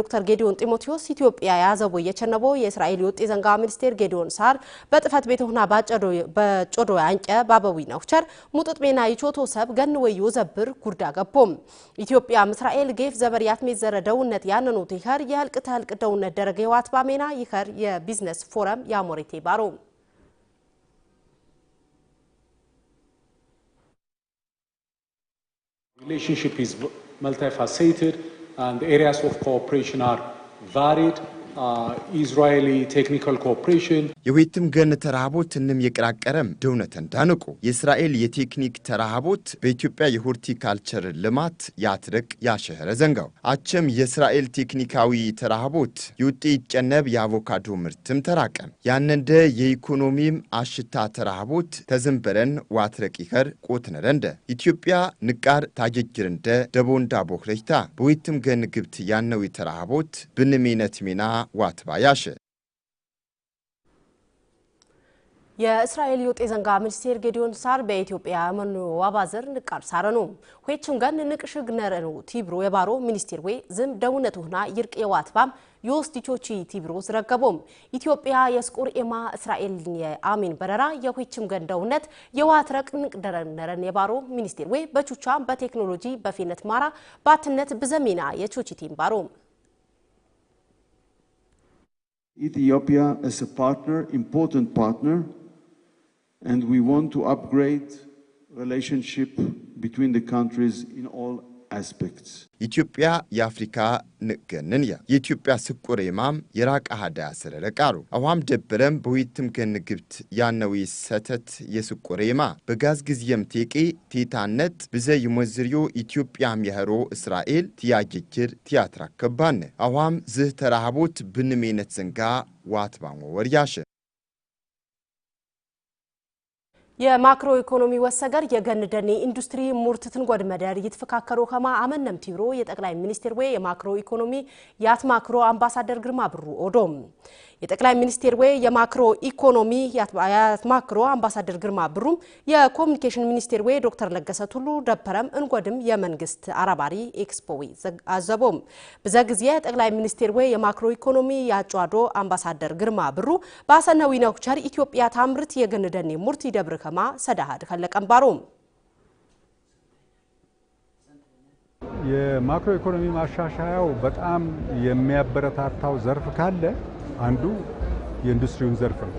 ዶክተር ጌዲዮን ጢሞቴዎስ ኢትዮጵያ የአዘቦ የቸነቦ የእስራኤል የወጥ ዘንጋ ሚኒስቴር ጌዲዮን ሳር በጥፈት ቤት ሆና በጮዶ አንቀ ባበዊ ነውቸር ሙጥጥ ሜና ይቾቶ ሰብ ገን ወይ ዘብር ጉርዳ ገቦም ኢትዮጵያም እስራኤል ጌፍ ዘበር ያትሜት ዘረ ደውነት ያነኑት ይኸር የህልቅ ተህልቅ ደውነት ደረገ የዋት ባሜና ይኸር የቢዝነስ ፎረም የአሞሬቴ ባሮ relationship is multifaceted and the areas of cooperation are varied ኢዝራኤሊ ቴክኒካል ኮኦፕሬሽን የዌትም ገን ተራሃቦት እንም የቅራቀረም ድውነተን እንዳንቁ የእስራኤል የቴክኒክ ተራሃቦት በኢትዮጵያ የሆርቲካልቸር ልማት ያትረቅ ያሸህረ ዘንጋው አቸም የእስራኤል ቴክኒካዊ ተራሃቦት የውጤት ጨነብ የአቮካዶ ምርትም ተራቀም ያነንደ የኢኮኖሚም አሽታ ተራሃቦት ተዝንበረን ዋትረቅ ይኸር ቆትነረንደ ኢትዮጵያ ንቃር ታጀጅርንደ ደቦንዳ ቦክለጅታ በዌትም ገን ግብት ያነው ተራሃቦት ብንሜነት ሜና ዋትባያሸ የእስራኤል የውጤ ዘንጋ ሚኒስቴር ጌዲዮን ሳር በኢትዮጵያ መኑ ዋባዘር ንቃር ሳረ ነው ሆቹን ገን ንቅሽግ ነረኑ ቲብሮ የባሮ ሚኒስቴር ወይ ዝም ደውነቱ ሁና ይርቅ የዋትባም የወስዲቾቺ ቲብሮ ዝረገቦም ኢትዮጵያ የስቁር ኤማ እስራኤል የአሚን በረራ የሆችም ገን ደውነት የዋትረቅ ንቅ ደረነረን የባሮ ሚኒስቴር ወይ በቹቻ በቴክኖሎጂ በፊነት ማራ ባትነት ብዘሚና የቾቺ ቲም ባሮ Ethiopia as a partner, important partner, and we want to upgrade relationship between the countries in all ኢትዮጵያ የአፍሪካ ንቅገንን እያ የኢትዮጵያ ስቁር ማም የራቃ ሀዳ ስለለቃሩ አዋም ደብረም በዊትም ገንግብት ያነዊ ሰተት የስቁር ማ በጋዝ ጊዜም ቴቄ ቴታነት ብዘ ይሞዝርዮ ኢትዮጵያም የህሮ እስራኤል ትያጅጅር ትያትራ ከባነ አዋም ዝህ ተራሃቦት ብንሜነት ዘንጋ ዋት ወርያሸ የማክሮ ኢኮኖሚ ወሰገር የገን ደኔ ኢንዱስትሪ ሙርትትን ጎድመደር ይትፈካከሩ ከማ አመነም ቲብሮ የጠቅላይ ሚኒስቴር ወይ የማክሮ ኢኮኖሚ ያት ማክሮ አምባሳደር ግርማ ብሩ ኦዶም የጠቅላይ ሚኒስቴር ወይ የማክሮ ኢኮኖሚ ማክሮ አምባሳደር ግርማ ብሩም የኮሚኒኬሽን ሚኒስቴር ወይ ዶክተር ለገሰ ቱሉ ደበረም እንጎድም የመንግስት አራባሪ ኤክስፖ አዘቦም ብዘ ጊዜ ጠቅላይ ሚኒስቴር ወይ የማክሮ ኢኮኖሚ ያጫዶ አምባሳደር ግርማ ብሩ ባሰነዊ ነኩቸር ኢትዮጵያ ታምርት የገንደኔ ሙርት ይደብር ከማ ሰዳሃድ ከለቀምባሮም የማክሮ ኢኮኖሚ ማሻሻያው በጣም የሚያበረታታው ዘርፍ ካለ አንዱ የኢንዱስትሪውን ዘርፍ ነው።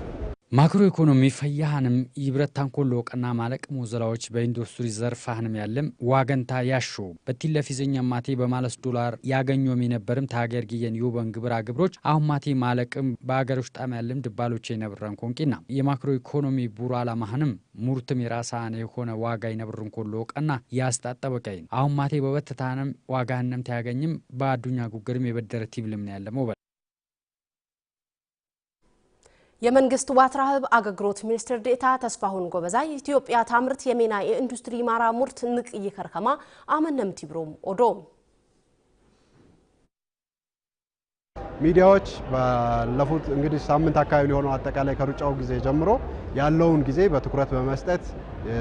ማክሮ ኢኮኖሚ ፈያህንም ይብረት ታንኮሎ ቀና ማለቅ ሞዘላዎች በኢንዱስትሪ ዘርፍ ህንም ያለም ዋገንታ ያሾ በቲለፊ ለፊዘኛ ማቴ በማለስ ዶላር ያገኘም የነበርም ታገር ጊየን ዩበን ግብራ ግብሮች አሁን ማቴ ማለቅም በአገር ውስጥ ጣም ያለም ድባሎች የነብረን ኮንቂና የማክሮ ኢኮኖሚ ቡሮ አላማህንም ሙርትም የራሳን የሆነ ዋጋ ይነብርን ኮሎ ቀና ያስጣጠበቀይን አሁን ማቴ በበትታንም ዋጋህንም ታያገኝም በአዱኛ ጉግርም የበደረ ቲብልም ያለመው የመንግስት ዋት ህብ አገልግሎት ሚኒስትር ዴታ ተስፋሁን ጎበዛይ ኢትዮጵያ ታምርት የሜና የኢንዱስትሪ ማራ ሙርት ንቅ ከርከማ አመነም ቲብሮም ኦዶ ሚዲያዎች ባለፉት እንግዲህ ሳምንት አካባቢ ሊሆነው አጠቃላይ ከሩጫው ጊዜ ጀምሮ ያለውን ጊዜ በትኩረት በመስጠት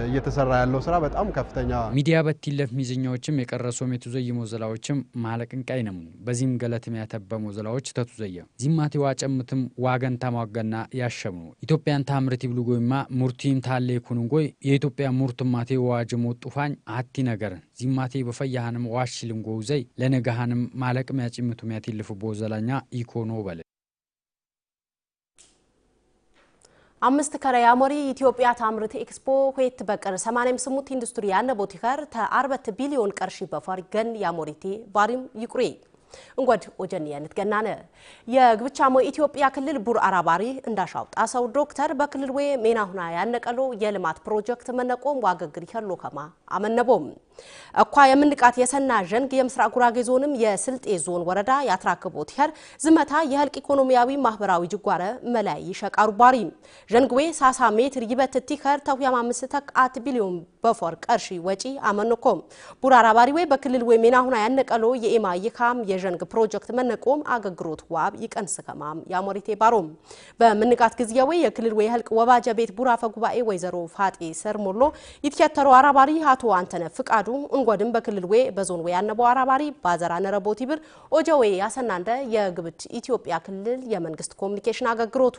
እየተሰራ ያለው ስራ በጣም ከፍተኛ ሚዲያ በትለፍ ሚዝኛዎችም የቀረሶ ሜቱ ዘይሞ ዘላዎችም ማለቅንቃይ ነሙ በዚህም ገለት ሚያተበሙ ዘላዎች ተቱ ዘየ ዚማቴ ዋጨምትም ዋገን ታማገና ያሸምኑ ኢትዮጵያን ታምርት ይብሉ ጎይማ ሙርቲም ታሌ ኩንንጎይ የኢትዮጵያ ሙርት ማቴ ዋጅ ሞጡፋኝ አቲ ነገር ዚማቴ በፈያሃንም ዋሽ ልንጎው ለነገሃንም ማለቅ ሚያጭምቱ ሚያትልፉ ቦዘላኛ ኢኮኖ በለ አምስት ከረ ያሞሪ ኢትዮጵያ ታምርት ኤክስፖ ሄት በቀር 88 ኢንዱስትሪ ያነ ተ 4 ቢሊዮን ቀርሺ በፋር ገን ያሞሪቲ ባሪም ይቁሬ እንጓድ ወጀን ወጀንየነት ገናነ የግብቻሞ ኢትዮጵያ ክልል ቡር አራባሪ እንዳሻውጣ ሰው ዶክተር በክልል ወይ ሜና ሁና ያነቀሎ የልማት ፕሮጀክት መነቆም ዋገግር ይከሎ ከማ አመነቦም እኳ የምንቃት የሰና ዠንግ የምስራቅ ጉራጌ ዞንም የስልጤ ዞን ወረዳ ያትራከቦት ይኸር ዝመታ የህልቅ ኢኮኖሚያዊ ማህበራዊ ጅጓረ መላይ ይሸቃሩ ባሪ ዠንግዌ ሳሳ ሜትር ይበትት ይኸር ተውያማ ምስተክ አት ቢሊዮን በፎር ቀርሺ ወጪ አመንኮም ቡራራ ባሪዌ በክልል ወይሜና ሁና ያነቀሎ የኢማ ይካም የዠንግ ፕሮጀክት መነቆም አገግሮት ዋብ ይቀንስ ከማም ያሞሪቴ ባሮም በምንቃት ጊዜያዊ የክልል ወይ ህልቅ ወባጀ ቤት ቡራፈ ጉባኤ ወይዘሮ ፋጤ ሰርሞሎ ይትከተሩ አራባሪ አቶ አንተነ ፍቃዱ እንጓድም በክልል ወይ በዞን ወይ ያነበው አራባሪ ባዘራ ነረቦቲ ብር ወይ ያሰናንደ የግብት ኢትዮጵያ ክልል የመንግስት ኮሚኒኬሽን አገግሮቱ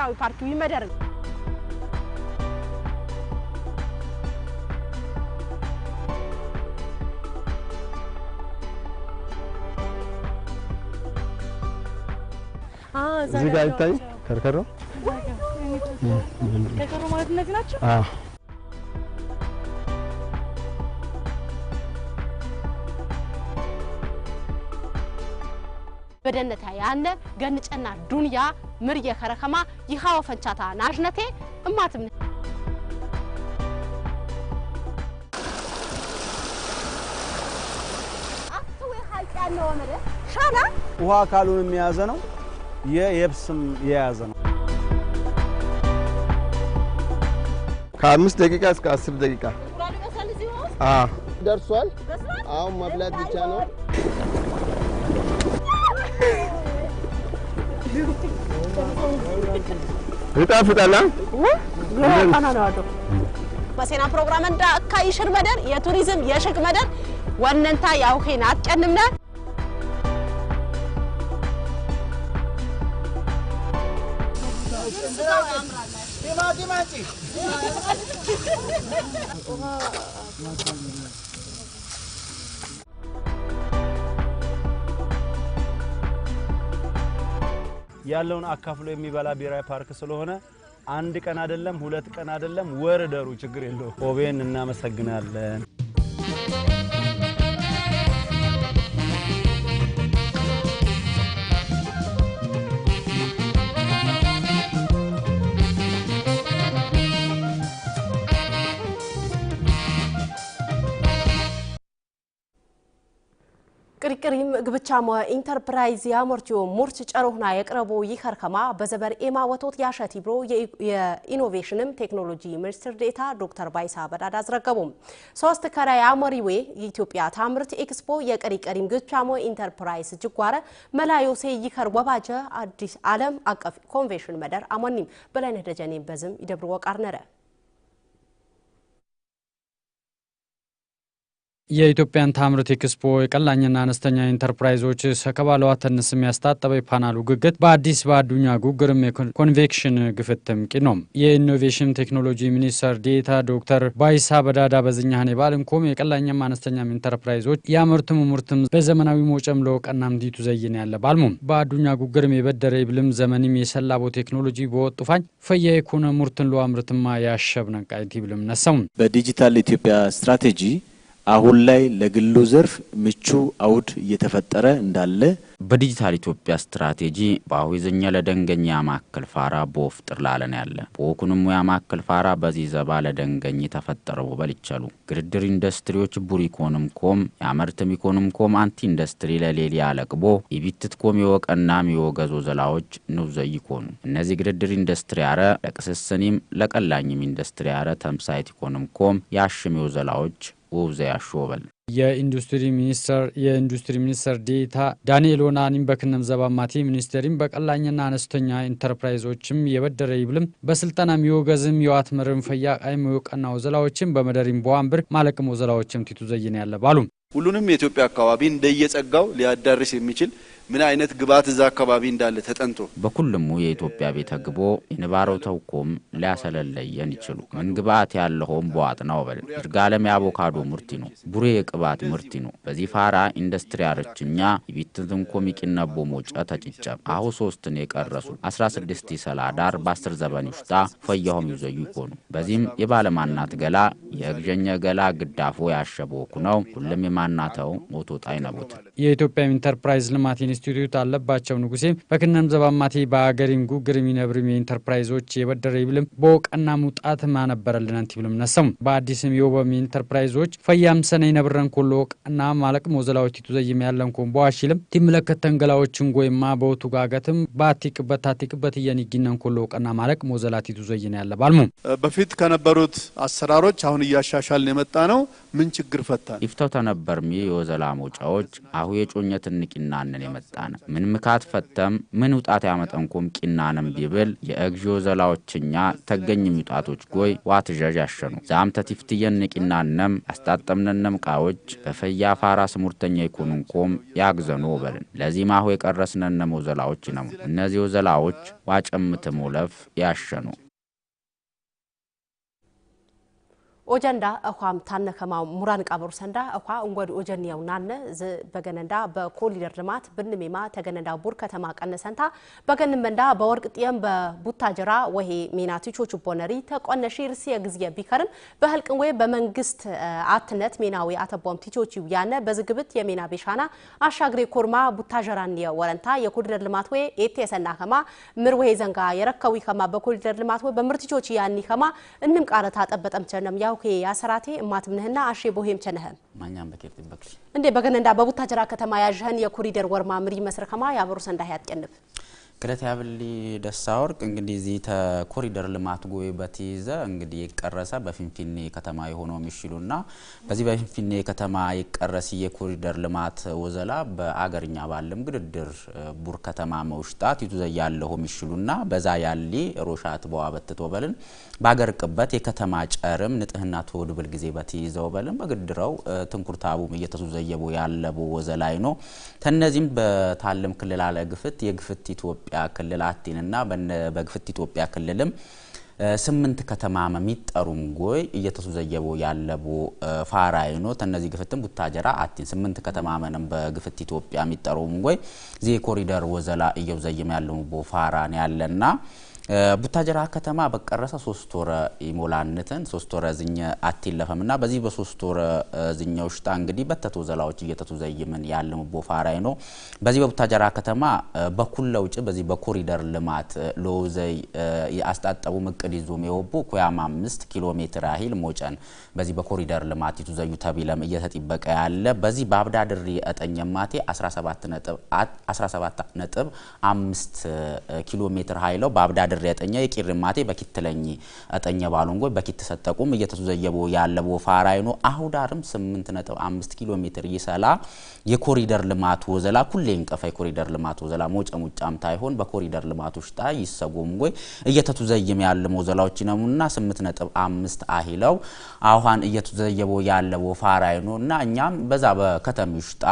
ብሔራዊ ፓርኪ ይመደር እዚህ ጋር ይታይ ከርከሮ ከርከሮ ማለት እነዚህ ናቸው። አዎ በደነታ ያነ ገንጨና ዱንያ ምርየ ከረከማ ይሃወ ፈንቻታ ናሽነቴ እማትም ሻና ውሃ አካሉንም የያዘ ነው። የየብስም የያዘ ነው። ከአምስት ደቂቃ እስከ አስር ደቂቃ ደርሷል። አሁን ማፍላት ብቻ ነው። ይጣፍጣል። መሴና ፕሮግራም እንዳ እካ ይሽር መደር የቱሪዝም የሽቅ መደር ወነንታ ያውኬን አትቀንምና ቲማቲም አንቺ ያለውን አካፍሎ የሚበላ ብሔራዊ ፓርክ ስለሆነ አንድ ቀን አይደለም፣ ሁለት ቀን አይደለም፣ ወር ደሩ ችግር የለው ኦቤን እናመሰግናለን። ግብቻ ግብቻማ ኢንተርፕራይዝ ያመርትዮ ሙርች ጨሮህና የቅረቦ ይኸር ከማ በዘበር ኤማ ወቶት ያሸት ይብሮ የኢኖቬሽንም ቴክኖሎጂ ሚኒስትር ዴታ ዶክተር ባይሳ በዳድ አዝረገቡም ሶስት ከራ ያመሪ ያመሪዌ የኢትዮጵያ ታምርት ኤክስፖ የቅሪ ቅሪም ግብቻ ግብቻማ ኢንተርፕራይዝ ጅጓረ መላዮሴ ይኸር ወባጀ አዲስ ዓለም አቀፍ ኮንቬንሽን መደር አሞኒም በላይነህ ደጀኔ በዝም ይደብር ወቃር ነረ የኢትዮጵያን ታምርት ኤክስፖ የቀላኝና አነስተኛ ኢንተርፕራይዞች ሰከባለዋ ተንስ ያስታጠበ የፓናሉ ግግት በአዲስ በአዱኛ ጉግርም የኮንቬክሽን ግፍትም ቂ ነው የኢኖቬሽን ቴክኖሎጂ ሚኒስተር ዴታ ዶክተር ባይሳ በዳዳ በዝኛህኔ ባልንኮም የቀላኝም አነስተኛም ኢንተርፕራይዞች የአምርትም ሙርትም በዘመናዊ ሞጨም ለወቀናም ዲቱ ዘይን ያለ ባልሙም በአዱኛ ጉግርም የበደረ ይብልም ዘመንም የሰላቦ ቴክኖሎጂ በወጡፋኝ ፈያ የኮነ ሙርትን ለአምርትማ ነቃይት ይብልም ነሰሙ በዲጂታል ኢትዮጵያ ስትራቴጂ አሁን ላይ ለግሉ ዘርፍ ምቹ አውድ እየተፈጠረ እንዳለ በዲጂታል ኢትዮጵያ ስትራቴጂ በአሁ ይዘኛ ለደንገኛ ያማክል ፋራ ቦፍ ላለን ያለ ቦኩንም ያማክል ፋራ በዚህ ዘባ ለደንገኝ ተፈጠረ ተፈጠረው ይቻሉ ግድድር ኢንዱስትሪዎች ቡር ኢኮኖም ኮም ያመርትም ኢኮኖም ኮም አንቲ ኢንዱስትሪ ለሌሊ ያለቅቦ የቢትት ኮም የወቀና የወገዞ ዘላዎች ንብዘይ ኮኑ እነዚህ ግድድር ኢንዱስትሪ ያረ ለቅስስኒም ለቀላኝም ኢንዱስትሪ አረ ተምሳይት ኢኮኖም ኮም ያሽሜው ዘላዎች ውብዘ ያሾበል የኢንዱስትሪ ሚኒስተር የኢንዱስትሪ ሚኒስተር ዴታ ዳንኤል ኦናኒም በክነም ዘባማቲ ሚኒስቴሪም በቀላኝና አነስተኛ ኢንተርፕራይዞችም የበደረ ይብልም በስልጠናም ይወገዝም የዋት መርም ፈያ ቃይም የውቀናው ዘላዎችም በመደሪም በዋንብር ማለቅም ወዘላዎችም ቲቱ ዘይን ያለ ባሉ ሁሉንም የኢትዮጵያ አካባቢ እንደየጸጋው ሊያዳርስ የሚችል ምን አይነት ግብዓት እዛ አካባቢ እንዳለ ተጠንቶ በኩልሙ የኢትዮጵያ ቤተ ግቦ የንባሮ ተውኮም ሊያሰለለየን ይችሉ ምን ግብዓት ያለሆም በዋጥ ነው በል ይርጋለም የአቮካዶ ምርቲ ነው ቡሬ የቅባት ምርቲ ነው በዚህ ፋራ ኢንዱስትሪ አረችኛ የቢትትን ኮሚቅና ቦሞጨ ተጭጨም አሁ ሶስትን የቀረሱ 16 ሰላዳር በአስር ዘበን ውሽጣ ፈያሆም ይዘዩ ይኮኑ በዚህም የባለማናት ገላ የእግዠኘ ገላ ግዳፎ ያሸበወኩ ነው ሁሉም የማናተው ሞቶ ጣይ የኢትዮጵያ ኢንተርፕራይዝ ልማት ኢንስቲትዩት አለባቸው ንጉሴ በክነም ዘባማቴ በአገሪንጉ ግርሚነ ብርሜ ኢንተርፕራይዞች የበደረ ይብልም በወቀና ሙጣት ማነበረልን ማነበረልነንት ይብልም ነሰሙ በአዲስም የወበሚ ኢንተርፕራይዞች ፈያም ሰነ ይነብረን ኮሎ ወቀና ማለቅ ሞዘላዎች ቲቱ ዘይም ያለን ኮን በዋሽልም ቲምለከት ተንገላዎችን ጎይማ በወቱ ጋገትም በአቲቅበት ታቲቅበት እየንጊነን ኮሎ ወቀና ማለቅ ሞዘላቲቱ ዘይን ያለ ባልሙ በፊት ከነበሩት አሰራሮች አሁን እያሻሻልን የመጣ ነው። ምን ችግር ፈታ ይፍተው ተነበርሚ የወዘላ መውጫዎች አሁ የጮኘትን ንቂናንን የመ አመጣን ምን ምካት ፈተም ምን ውጣት ያመጠንኩም ቂናንም ቢብል የእግዦ ዘላዎችኛ ተገኝ ሚውጣቶች ጎይ ዋትዣዥ ያሸኑ ዛም ተቲፍትየን ቂናነም ያስጣጠምነነም ቃዎች በፈያ ፋራ ስሙርተኛ ይኮኑንኮም ያግዘኑ በልን ለዚህ ማሁ የቀረስነነሞ ዘላዎች ነሙ እነዚህ ዘላዎች ዋጨምትም ውለፍ ያሸኑ ኦጀንዳ እኳም ታነ ታነከማው ሙራን ቃብሩ ሰንዳ እኳ እንጎድ ኦጀንያው ናነ ዝ በገነንዳ በኮሊደር ልማት ብንሜማ ተገነንዳ ቡር ከተማ ቀነ ቀነሰንታ በገንመንዳ በወርቅ ጤም በቡታጀራ ወሄ ሜና ትቾቹ ቦነሪ ተቆነሺ ርስ የግዚየ ቢከርም በህልቅን ወይ በመንግስት አትነት ሜናዊ አተቦም ትቾቹ ያነ በዝግብት የሜና ቤሻና አሻግሬ ኮርማ ቡታጀራን የወረንታ የኮሊደር ልማት ወይ ኤቴ የሰና ከማ ምር ወይ ዘንጋ የረከዊ ከማ በኮሊደር ልማት ወይ በምርትቾቹ ያኒ ከማ እንም ቃረታ ጠበጠም ቸነም ያው ኦኬ ያሰራቴ እማትምነህና አሼ ቦሄም ቸነህ ማኛም በኬት በክሽ እንዴ በገነንዳ በቡታጀራ ከተማ ያዥህን የኮሪደር ወርማ ምሪ መስረከማ ያበሩ ሰንዳ ያጥቀንብ ክለትያብሊ ደሳ ወርቅ እንግዲህ እዚህ ተኮሪደር ልማት ጉባኤ በተይዘ እንግዲህ ይቀረሰ በፊንፊኔ ከተማ የሆነው የሚሽሉና በዚህ በፊንፊኔ ከተማ ይቀረስ የኮሪደር ልማት ወዘላ በአገርኛ ባለም ግድድር ቡር ከተማ መውሽጣት ይቱ ዘያለሁ የሚሽሉና በዛ ያሊ ሮሻት በዋ በትቶ በልን በአገር ቅበት የከተማ ጨርም ንጥህና ተወድብል ጊዜ በተይዘው በልን በግድረው ትንኩርታቡም እየተሱ ዘየቡ ያለቡ ወዘላይ ነው ተነዚህም በታለም ክልል አለ ግፍት የግፍት ኢትዮጵያ ኢትዮጵያ ክልል አቲንና በግፍት ኢትዮጵያ ክልልም ስምንት ከተማ የሚጠሩም ጎይ እየተሱ ዘየቦ ያለቦ ፋራይ ነው ተነዚህ ግፍትም ቡታጀራ አቲን ስምንት ከተማ መንም በግፍት ኢትዮጵያ የሚጠሩም ጎይ ዚ ኮሪደር ወዘላ እየው ዘይም ያለሙ ቦ ፋራ ያለና ቡታጀራ ከተማ በቀረሰ ሶስት ወረ ይሞላንትን ሶስት ወረ ዝኘ አትለፈም ና በዚህ በሶስት ወረ ዝኘ ውሽጣ እንግዲህ በተቶ ዘላዎች እየተቱ ዘይምን ያለም ቦፋራይ ነው በዚህ በቡታጀራ ከተማ በኩል ለውጭ በዚህ በኮሪደር ልማት ለውዘይ አስጣጠቡ እቅድ ይዞ የወቦ ኩያማ አምስት ኪሎ ሜትር ያህል ሞጨን በዚህ በኮሪደር ልማት ይቱ ዘዩ ተቢለም እየተጠበቀ ያለ በዚህ በአብዳ ድሪ እጠኝ ማቴ 17 ነጥብ 5 ኪሎ ሜትር ሀይለው በአብዳ ቂር የጠኛ የቂር ማቴ በኪትለኝ ጠኘ ባሉንጎ በኪት ሰጠቁም እየተዘየቦ ዘየቦ ፋራይ ነው አሁዳርም 8.5 ኪሎ ሜትር ይሰላ የኮሪደር ልማት ወዘላ ኩሌ እንቀፋ የኮሪደር ልማት ወዘላ ሞጨ ሙጫም ታይሆን በኮሪደር ልማት ውሽጣ ይሰጎም ጎይ እየተዘየም ዘይም ወዘላዎች ሞዘላዎች ነሙና 8.5 አሂለው አሁን እየተዘየቦ ዘየቦ ፋራይ ፋራይኖ እና እኛም በዛ በከተም ውሽጣ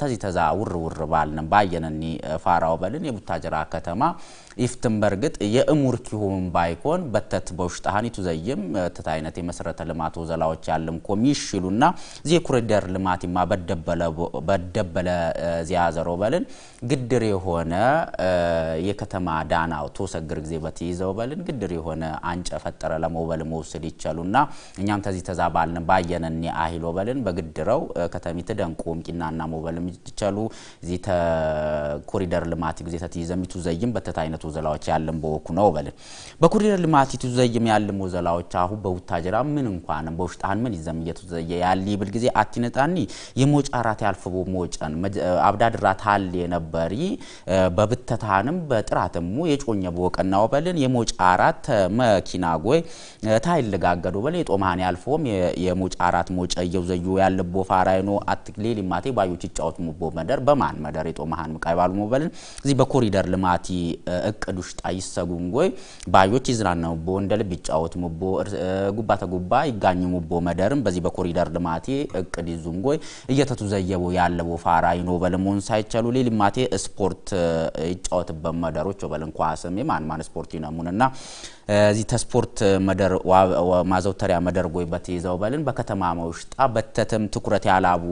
ተዚ ተዛ ውር ውር ባልንም ባየነኒ ፋራው በልን የቡታጀራ ከተማ ኢፍትን በርግጥ የእሙር ኪሁም ባይኮን በተት በውሽጣሃኒ ቱዘይም እትት አይነት የመሰረተ ልማት ወዘላዎች ያለም ኮሚሽ ይሉና እዚ የኮሪደር ልማት ማ በደበለ ዚያ ዘሮ በልን ግድር የሆነ የከተማ ዳናው ተወሰግር ጊዜ በትይዘው በልን ግድር የሆነ አንጨ ፈጠረ ለመውበል መውሰድ ይቻሉና እኛም ተዚህ ተዛ ባልን ባየነኒ አሂሎ በልን በግድረው ከተሚት ደንቆም ቂናና መውበልም ይቻሉ እዚ ተኮሪደር ልማት ጊዜ ተትይዘሚቱ ዘይም በተት አይነቱ ወዘላዎች ያለም በወኩ ነው በል በኮሪደር ልማት ይትዘይም ያለም ወዘላዎች አሁ በውታጀራ ምን እንኳን በውሽጣን ምን ይዘም እየተዘየ ያሊ ይብል ጊዜ አቲነጣኒ የሞጫ አራት ያልፈቦ ሞጨን አብዳድራ ታል የነበሪ በብተታንም በጥራትሙ የጮኘ በወቀናው በልን የሞጫ አራት መኪና ጎይ ታይልጋገዱ በል የጦማን ያልፈውም የሞጫ አራት ሞጨ እየውዘዩ ያለቦ ፋራይኖ አትክሌል ማቴ ባዮች ጫውት ሙቦ መደር በማን መደር የጦማን ምቃይ ባሉ ሞበልን እዚህ በኮሪደር ልማቲ እቅድ ውሽጣ ይሰጉንጎይ ባዮች ይዝናናውቦ እንደ ልብ ይጫወትሙቦ ጉባ ተጉባ ሙቦ መደርም በዚህ በኮሪደር ልማቴ እቅድ ይዙንጎይ እየተቱ ዘየቦ ያለቦ ፋራ ይኖበልሞን ሳይቻሉ ሌ ልማቴ ስፖርት ይጫወትበት መደሮች ወበልን ኳስም ማን ማን ስፖርት ይነሙንና እዚ ተስፖርት መደር ማዘውተሪያ መደርጎይ በትይዘው በልን በከተማማ ውሽጣ በተትም ትኩረት ያላቡ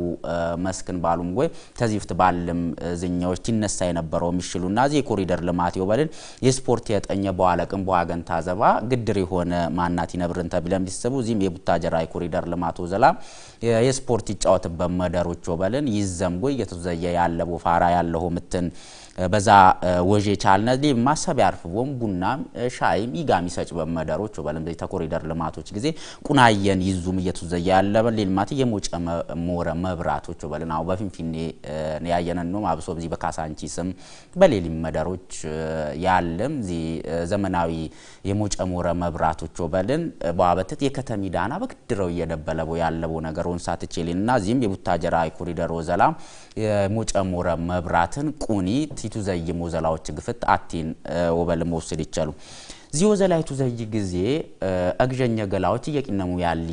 መስክን ባሉም ጎይ ተዚፍት ባልም ዝኛዎች ይነሳ የነበረው የሚችሉና እዚ የኮሪደር ልማት ይወበልን የስፖርት የጠኘ በኋላቅም በዋገንታ ዘባ ግድር የሆነ ማናት ይነብርን ተብለም ሲሰቡ እዚህም የቡታጀራ የኮሪደር ልማት ዘላ የስፖርት ይጫወት በመደሮች ወበልን ይዘም ጎይ እየተዘየ ያለ ቦፋራ ያለው ምትን በዛ ወዤ ቻልነ ማሰብ ያርፍቦም ቡናም ሻይም ይጋሚ ሰጭ በመደሮች ወበለም ዘይ ተኮሪደር ልማቶች ጊዜ ቁናየን ይዙም እየተዘያ ያለ ልማት የሞጨ ሞረ መብራቶች ወበለን አው በፊንፊኔ ያየነን ነው አብሶ ዚህ በካሳንቺ ስም በሌሊ መደሮች ያለም ዚ ዘመናዊ የሞጨ ሞረ መብራቶች በልን በአበተት የከተሚ ዳና በግድረው እየደበለቦ ያለቦ ነገር ወንሳትች የሌና ዚህም የቡታጀራ ኮሪደር ወዘላ የሞጨ ሞረ መብራትን ቁኒት ሲቱ ዘይሞ ዘላዎች ግፍት አቲን ወበል መወስድ ይቻሉ ዚወዘላይቱ ዘይ ጊዜ አግዠኛ ገላውቲ የቂነሙ ያሊ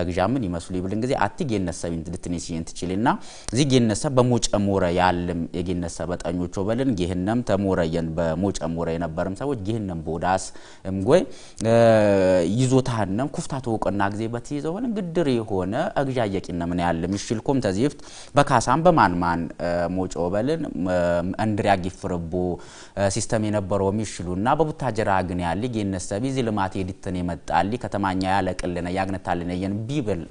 አግዣምን ይመስሉ ይብልን ጊዜ አቲ ጌነሰብ እንድትነስ ይንትችልና ዚ ጌነሰብ በሞጨ ሞረ ያልም የጌነሰብ በጠኞቾ በልን ጌህነም ተሞረየን በሞጨ ሞረ የነበርም ሰዎች ጌህነም ቦዳስ እምጎይ ይዞታንም ኩፍታ ተወቀና ጊዜ በትይዘው ሆነ ግድር የሆነ አግዣ የቂነምን ያልም ይሽልኩም ተዚፍት በካሳም በማንማን ሞጮ በልን እንድሪያ ጊፍርቦ ሲስተም የነበረው ይሽሉና በቡታጀራ ግን ያሊ ጌነሰ ቢዚ ልማት የዲትን የመጣሊ ከተማኛ ያለቅልነ ያግነታልነ የን ቢብል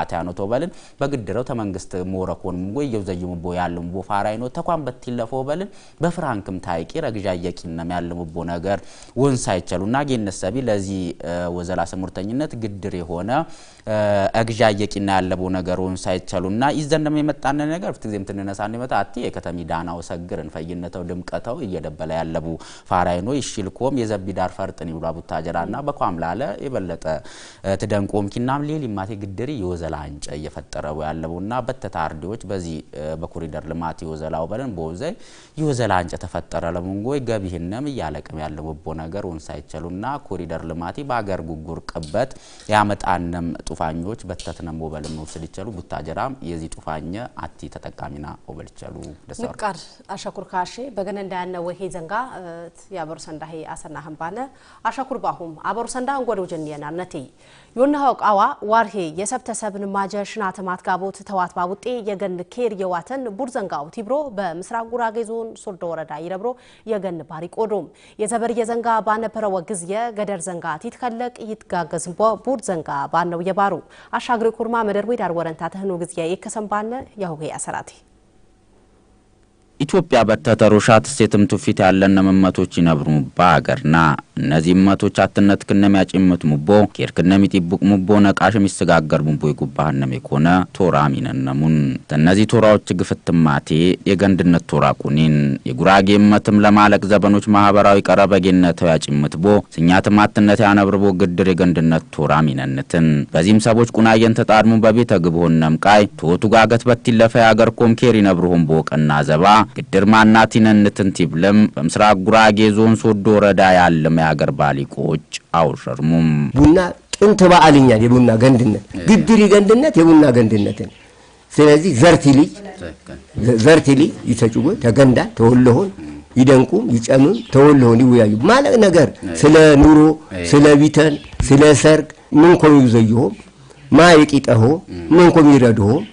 አታኖ ቶበልን በግድረው ተመንግስት ሞረኮን ሙጎ የውዘይሙ ቦ ፋራይ ነው ተኳን በትለፎ በልን በፍራንክም ታይቂ ረግዣ የቂነም ያለም ቦ ነገር ወንስ አይቻሉና ጌነሰ ቢ ለዚ ወዘላ ስሙርተኝነት ግድር የሆነ እግዣ የቂና ያለቦ ነገር ውንስ አይቸሉ ና ይዘንም የመጣነ ነገር ፍት ጊዜም ትንነሳ ይመጣ አቲ የከተሚ ዳናው ሰግርን ፈይነተው ድምቀተው እየደበለ ያለቡ ፋራይ ነው ይሽልኮም የዘቢዳ ዳር ፈርጥን ይብሏ ቡታጀራ ና በኳም ላለ የበለጠ ትደንቆም ኪናም ሌል ይማቴ ግድሪ የወዘላ አንጨ እየፈጠረው ያለው ና በተታ አርዲዎች በዚህ በኮሪደር ልማት የወዘላው በለን በወዘይ የወዘላ አንጨ ተፈጠረ ለሙንጎይ ገቢህነም እያለቅም ያለው ቦ ነገር ሳይቸሉ ና ኮሪደር ልማት በአገር ጉጉር ቅበት ያመጣንም ጡፋኞች በተትነም ወበልም መውሰድ ይቸሉ ቡታጀራም የዚህ ጡፋኘ አቲ ተጠቃሚና ወበል ይቸሉ ደሰሩ ንቃር አሸኩር ካሼ በገነ እንዳያነ ወሄ ዘንጋ ያበሩ ሰንዳሄ አሰና ህንባ ባነ አሻኩር ባሁም አበሩ ሰንዳ ጀኒየና ነቲ ዮና ሆቃዋ ዋርሄ የሰብተ ሰብን ማጀ ተማት ጋቦት ተዋት ባቡጤ የገን ኬር የዋተን ቡርዘንጋው ቲብሮ በምስራቅ ጉራጌ ዞን ሶርዶ ወረዳ ይረብሮ የገን ባሪ ቆዶም የዘበር የዘንጋ ባነፐረ ወግዝ የገደር ዘንጋ ቲትከለቅ ይትጋገዝም ቡር ዘንጋ ባነው የባሩ አሻግሪ ኩርማ መደር ዳር ወረንታ ተህኑ ግዝያ የከሰም ባነ ያሁገ ያሰራቴ ኢትዮጵያ በተተሮሻት ሴትም ትውፊት ያለን መመቶች ይነብሩ በአገርና እነዚህ መቶች አትነት ክነም ያጭምት ሙቦ ኬር ክነም ይጥብቅ ሙቦ ነቃሽም ይስጋገር ሙቦ ይጉባህነም የኮነ ቶራ ሚነነሙን ተነዚህ ቶራዎች ግፍት ማቴ የገንድነት ቶራ ቁኒን የጉራጌ መትም ለማለቅ ዘበኖች ማህበራዊ ቀረበጌነተው ያጭምት ቦ ስኛትም አትነት ያነብርቦ ግድር የገንድነት ቶራ ሚነንትን በዚህም ሰቦች ቁናየን ተጣድሙ በቤተ ግብሆን ነምቃይ ቶቱ ጋገት በትለፈ ያገር ኮም ኬር ይነብርሆም ቦቀና ዘባ ግድር ማናት ማናቲነንትን ቲብልም በምስራቅ ጉራጌ ዞን ሶዶ ወረዳ ያለም የአገር ባሊቆች አውሸርሙም ቡና ጥንት በዓልኛል የቡና ገንድነት ግድሪ ገንድነት የቡና ገንድነትን ስለዚህ ዘርቲ ልጅ ዘርቲ ልጅ ይተጭጎ ተገንዳ ተወለሆን ይደንቁም ይጨምም ተወለሆን ይወያዩ ማለቅ ነገር ስለ ኑሮ ስለ ቢተን ስለ ሰርግ ምንኮም ይዘይሆም ማየቅ ይጠሆም ምንኮም ይረድሆም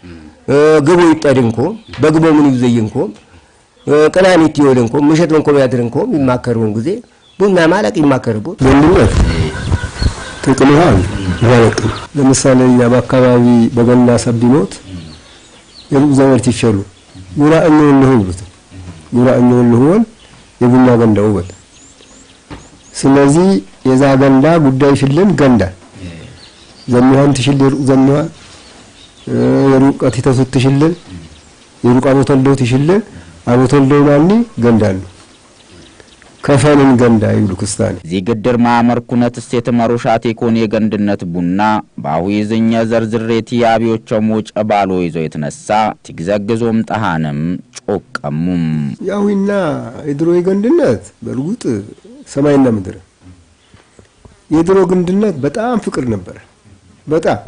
ግቦ ይጠድንኮም በግቦ ምን ይዘይንኮም ቅናኒት ይወደንኮም ምሸት ምንኮም ያድርንኮም ይማከሩን ጊዜ ቡና ማለቅ ይማከርቡ ወንድነት ጥቅም ይሆን ይሆነቅ ለምሳሌ እኛ በአካባቢ በገና ሰብ ቢሞት የሩቅ ዘመድ ትቸሉ ጉራ እኞ ልሁ ይሉት ጉራ እኞ ልሁን የቡና ገንዳው ውበት ስለዚህ የዛ ገንዳ ጉዳይ ሽልን ገንዳ ዘሚሆን ትሽል የሩቅ ዘሚዋ የሩቀት ተሱት ትሽል የሩቅ አቦተልደው ትሽል አቦተልደው ናኒ ገንዳ ነው ከፈንን ገንዳ ይብሉ ክስታኔ ግድር ማዕመር ኩነት እሴት መሩሻት የኮን የገንድነት ቡና ባሁ ይዝኛ ዘርዝሬቲ የአብዮቸው ሞጨ ባሎ ይዞ የተነሳ ቲግዘግዞም ጠሃንም ጮቀሙም ያዊና የድሮ የገንድነት በልጉጥ ሰማይና ምድር የድሮ ግንድነት በጣም ፍቅር ነበረ። በጣም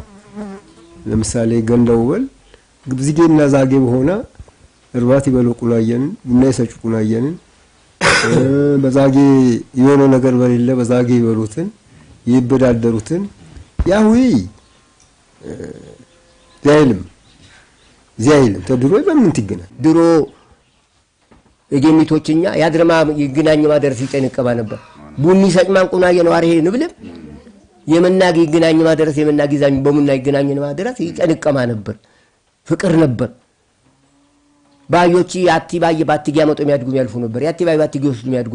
ለምሳሌ ገንዳው በል ብዝጌና ዛጌ በሆነ እርባት ይበሎ ቁናየንን ቡና ይሰጭ ቁናየንን በዛጌ የሆነ ነገር በሌለ በዛጌ ይበሉትን ይበዳደሩትን ያሁይ ዚያይልም ዚያይልም ተድሮ በምን ትገና ድሮ የጌሚቶች ያድረማ ይግናኝ ማደር ይቀባ ነበር ቡኒ ሰጭማን ቁና የነዋሪ ይሄ ንብልም የመናግ ይግናኝ ማደረስ የመናግ ይዛኝ በሙና ይግናኝ ማደረስ ይጨንቀማ ነበር። ፍቅር ነበር። ባዮች ያቲ ባየ ባትጊ ያመጡ የሚያድጉ ያልፉ ነበር። ያቲ ባይ ባትጊ ወስዱ የሚያድጉ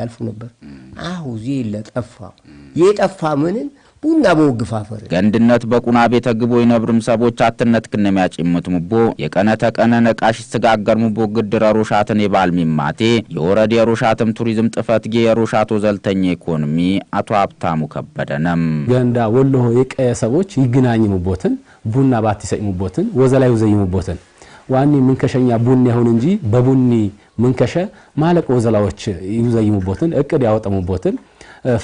ያልፉ ነበር። አሁን ዚ ለጠፋ የጠፋ ምንን ቡና በወግፋፈር ገንድነት በቁና ቤተ ግቦ ይነብርም ሰቦች አትነት ክነም ያጭምት ሙቦ የቀነ ተቀነ ነቃሽ ስጋገር ሙቦ ግድረ ሮሻትን የባል ሚማቴ የወረድ የሮሻትም ቱሪዝም ጥፈት ጌ የሮሻቶ ዘልተኛ ኢኮኖሚ አቶ ሀብታሙ ከበደነም ገንዳ ወለሆ የቀየ ሰቦች ይግናኝ ሙቦትን ቡና ባትሰይ ሙቦትን ወዘላዩ ዘይሙቦትን ዋኒ ምንከሸኛ ቡኒ አሁን እንጂ በቡኒ ምንከሸ ማለቆ ወዘላዎች ይዘይሙቦትን እቅድ ያወጠሙቦትን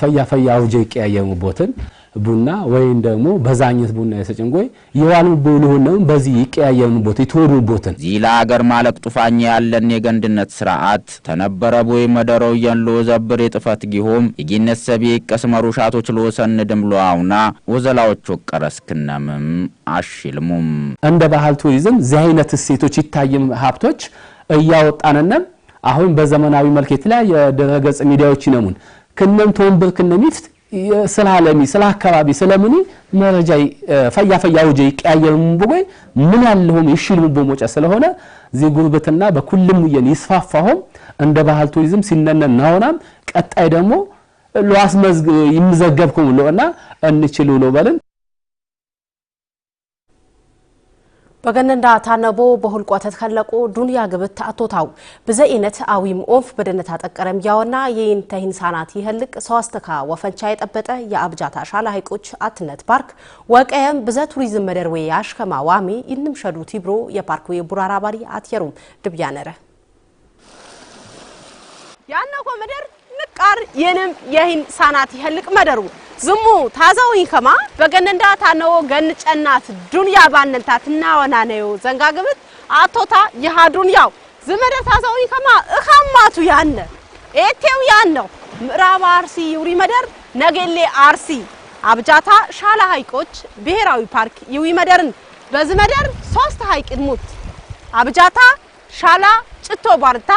ፈያ ፈያ አውጀ ይቀያየሙቦትን ቡና ወይም ደግሞ በዛኝት ቡና የሰጭንጎይ የዋሉ ብሉሁን ነው በዚህ ይቀያየሙ ቦት ይቶሩ ቦትን ዚላ አገር ማለቅ ጡፋኝ ያለን የገንድነት ስርዓት ተነበረ ቦይ መደረው የንሎ ዘብር የጥፈት ጊሆም የጊነት ሰቢ ቀስመሩ ሻቶች ለወሰን ድምሎ አውና ወዘላዎች ወቀረስክነምም አሽልሙም እንደ ባህል ቱሪዝም ዚህ አይነት እሴቶች ይታይም ሀብቶች እያወጣንነም አሁን በዘመናዊ መልክ የተለያየ ድረገጽ ሚዲያዎች ይነሙን ክነም ተወንብር ክነሚፍት ስለ አለሚ ስለ አካባቢ ስለምን መረጃ ፈያ ፈያ ወጀ ይቀያየም ብጎይ ምን ያለሁም ይሽልም በሞጨ ስለሆነ እዚህ ጉርብትና በኩልም የን ይስፋፋሁም እንደ ባህል ቱሪዝም ሲነነን ናሆናም ቀጣይ ደግሞ ለዋስ መዝግ ይምዘገብኩም ሎና እንችሉ ሎ በልን በገነንዳ ታነቦ በሁልቆ ተተከለቆ ዱንያ ግብት አቶታው ብዘኢነት አዊም ኦንፍ በደነት አጠቀረም ያወና የይንተህን ሳናት ይህልቅ ሰዋስተካ ወፈንቻ የጠበጠ የአብጃታ ሻላ ሀይቆች አትነት ፓርክ ወቀየም ብዘ ቱሪዝም መደርዌ አሽከማ ዋሜ ይንም ሸዱ ቲብሮ የፓርክ ዌ ቡራራ ባሪ አትየሩም ድብያነረ ያነኮ መደር ንቃር የንም የህን ሳናት ይህልቅ መደሩ ዝሙ ታዘውኝ ይከማ በገነንዳ ታነው ገን ጨናት ዱንያ ባንንታ ትናወና እናወናነዮ ዘንጋግብት አቶታ ይሃ ዱንያው ዝመደ ታዘውኝ ይከማ እኻማቱ ያነ ኤቴው ያነው ምዕራብ አርሲ ይውሪ መደር ነገሌ አርሲ አብጃታ ሻላ ሐይቆች ብሔራዊ ፓርክ ይውሪ መደርን በዝመደር ሶስት ሐይቅ ድሙት አብጃታ ሻላ ጭቶ ባርታ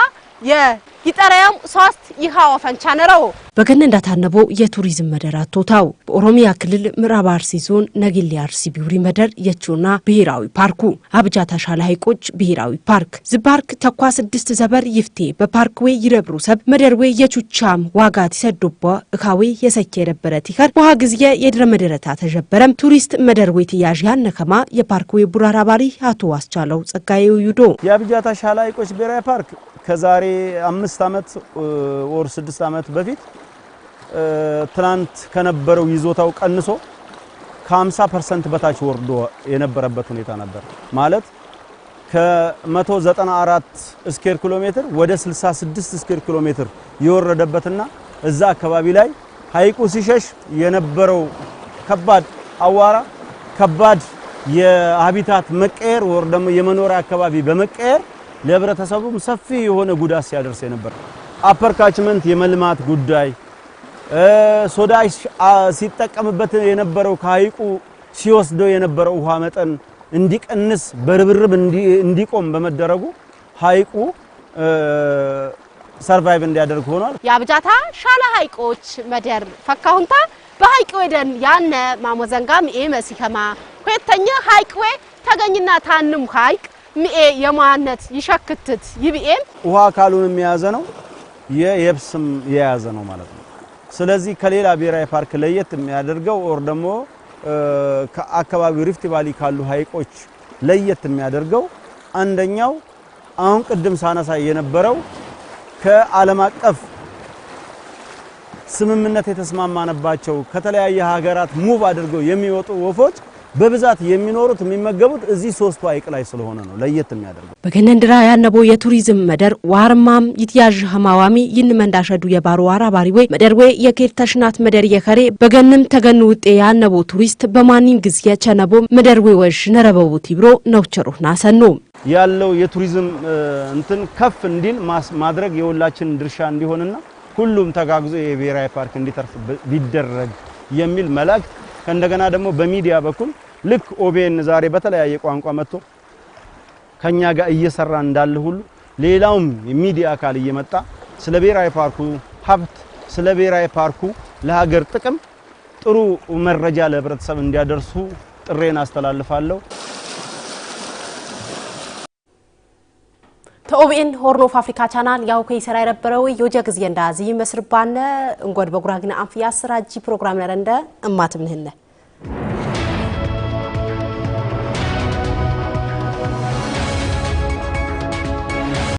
የይጠራያም ሶስት ይሃዋ ፈንቻ ነረው በገነ እንዳታነቦ የቱሪዝም መደር አቶታው በኦሮሚያ ክልል ምዕራብ አርሲ ዞን ነጊሌ አርሲ ቢውሪ መደር የቹና ብሔራዊ ፓርኩ አብጃ ታሻለ ሀይቆች ብሔራዊ ፓርክ ዝባርክ ተኳ ስድስት ዘበር ይፍቴ በፓርክ ዌ ይረብሩ ሰብ መደር ዌ የቹቻም ዋጋ ትሰዶባ እካዌ የሰኪ የነበረ ቲከር ውሃ ጊዜ የድረ መደረታ ተጀበረም ቱሪስት መደር ዌ ትያዥ ያነ ከማ የፓርክ ዌ ቡራራ ባሪ አቶ አስቻለው ጸጋዬ ዩዶ የአብጃ ታሻለ ሀይቆች ብሔራዊ ፓርክ ከዛሬ አምስት ዓመት ወር ስድስት ዓመት በፊት ትናንት ከነበረው ይዞታው ቀንሶ ከ50% በታች ወርዶ የነበረበት ሁኔታ ነበር። ማለት ከ194 ስኩዌር ኪሎ ሜትር ወደ 66 ስኩዌር ኪሎ ሜትር የወረደበትና እዛ አካባቢ ላይ ሐይቁ ሲሸሽ የነበረው ከባድ አዋራ ከባድ የሀቢታት መቀየር ወይም ደግሞ የመኖሪያ አካባቢ በመቀየር ለህብረተሰቡም ሰፊ የሆነ ጉዳት ሲያደርስ የነበር አፐር ካችመንት የመልማት ጉዳይ ሶዳ ሲጠቀምበት የነበረው ከሀይቁ ሲወስደው የነበረው ውሃ መጠን እንዲቀንስ በርብርብ እንዲቆም በመደረጉ ሀይቁ ሰርቫይቭ እንዲያደርግ ሆኗል። የአብጃታ ሻላ ሀይቆች መደር ፈካሁንታ በሀይቅ ወደን ያነ ማሞዘንጋም ኤ መሲከማ ሁለተኛ ሀይቅ ወይ ተገኝና ታንም ሀይቅ ሚኤ የማነት ይሸክትት ይብኤም ውሃ አካሉንም የያዘ ነው፣ የየብስም የያዘ ነው ማለት ነው። ስለዚህ ከሌላ ብሔራዊ ፓርክ ለየት የሚያደርገው ኦር ደግሞ ከአካባቢው ሪፍት ቫሊ ካሉ ሀይቆች ለየት የሚያደርገው አንደኛው አሁን ቅድም ሳነሳ የነበረው ከዓለም አቀፍ ስምምነት የተስማማነባቸው ከተለያየ ሀገራት ሙቭ አድርገው የሚወጡ ወፎች በብዛት የሚኖሩት የሚመገቡት እዚህ ሶስቱ ሐይቅ ላይ ስለሆነ ነው ለየት የሚያደርገው። በገነንድራ ያነቦ የቱሪዝም መደር ዋርማም ይትያዥ ህማዋሚ ይን መንዳሸዱ የባሮ ዋራ ባሪዌ መደርዌ የኬድ ተሽናት መደር የከሬ በገንም ተገኑ ውጤ ያነቦ ቱሪስት በማንም ጊዜ ቸነቦ መደርዌ ወሽ ነረበቡ ቲብሮ ነውቸሩ ናሰኖ ያለው የቱሪዝም እንትን ከፍ እንዲል ማድረግ የሁላችን ድርሻ እንዲሆንና ሁሉም ተጋግዞ የብሔራዊ ፓርክ እንዲተርፍ ቢደረግ የሚል መላእክት ከእንደገና ደግሞ በሚዲያ በኩል ልክ ኦቤን ዛሬ በተለያየ ቋንቋ መጥቶ ከኛ ጋር እየሰራ እንዳለ ሁሉ ሌላውም የሚዲያ አካል እየመጣ ስለ ብሔራዊ ፓርኩ ሀብት፣ ስለ ብሔራዊ ፓርኩ ለሀገር ጥቅም ጥሩ መረጃ ለህብረተሰብ እንዲያደርሱ ጥሬን አስተላልፋለሁ። ተኦቢኤን ሆርን ኦፍ አፍሪካ ቻናል ያው ከይሰራ የነበረው የወጀ ጊዜ እንዳዚ መስርባነ እንጎድ በጉራግና አንፍያ ስራጂ ፕሮግራም ነረንደ እማትምንህነ